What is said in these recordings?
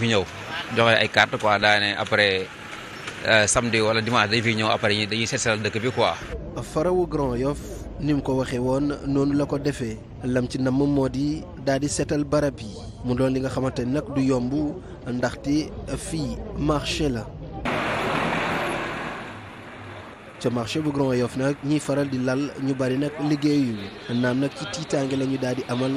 fi ñëw joxe ay carte quoi daa ne après euh, samedi wala dimanche dañ fi ñëw après ñi dañuy seetal dëkk bi quoi. farawu Grand Yoff ni mu ko waxee woon noonu la ko defee lam ci namm moo di daal di seetal barab yi mu doon li nga xamante ni nag du yomb ndaxte fii marché la. ca marché bu Grand Yoff nag ñiy faral di lal ñu bari nag liggéey yu naan nag ci tiitaange la ñu amal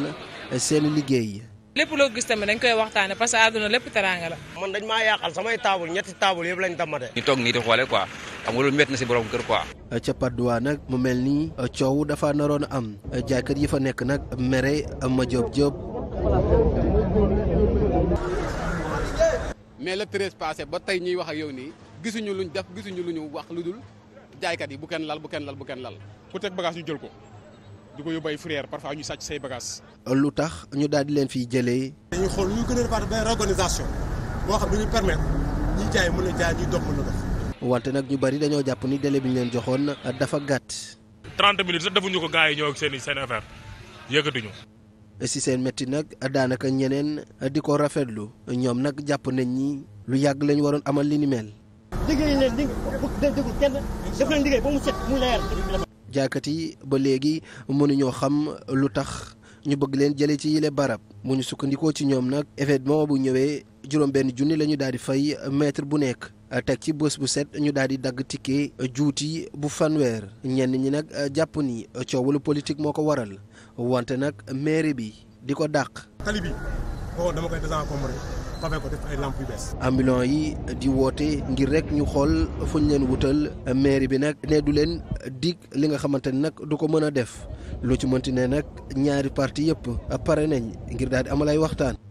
seen liggéey. lépp loo gis tamit dañ koy waxtaane parce àdduna lépp teraanga la. man dañ maa yàqal samay taabul ñetti taabul yëpp lañ tamate. ñu toog nii di xoole quoi xam nga loolu métti na si borom kër quoi. ca Patte nag mu mel nii coow dafa naroon am jaaykat yi fa nekk nag mere ma Diop Diop. mais le treize passé ba tey ñuy wax ak yow nii gisuñu lu ñu def gisuñu lu ñu wax lu dul jaaykat yi bu kenn lal bu kenn lal bu kenn lal. ku teg bagage ñu jël ko. di ko yóbbu ay fourrière parfois ñu sàcc say bagages. lu tax ñu daal di leen fiy jëlee. dañuy xool ñu gën ñu jaay mën a jaay ñuy dox mën a dox. wante nag ñu bari dañoo jàpp ni délai bi ñu leen joxoon dafa gàtt. 30 minutes sax defuñu ko gars yi ñëw seen seen si seen métti nag daanaka ñeneen di ko rafetlu ñoom nag jàpp nañ ñi lu yàgg lañu waroon amal li ni mel. jaaykat yi ba léegi mënuñoo xam lu tax ñu bëgg leen jëlee ci yile barab mu ñu sukkandikoo ci ñoom nag événement bu ñëwee juróom benn junni la ñu daal di fay mètre bu nekk teg ci bés bu set ñu daal di dagg ticket juuti bu fanweer ñenn ñi nag jàpp ni coowalu politique moo ko waral wante nag mairie bi di ko dàq. pavé ko def ay lamp yu yi di woote ngir rek ñu xool fuñ leen wutal mairie bi nag ne du leen dig li nga xamante ni nag du ko mën a def lu ci mënti ne nag ñaari partie yëpp pare nañ ngir daal di amalay waxtaan.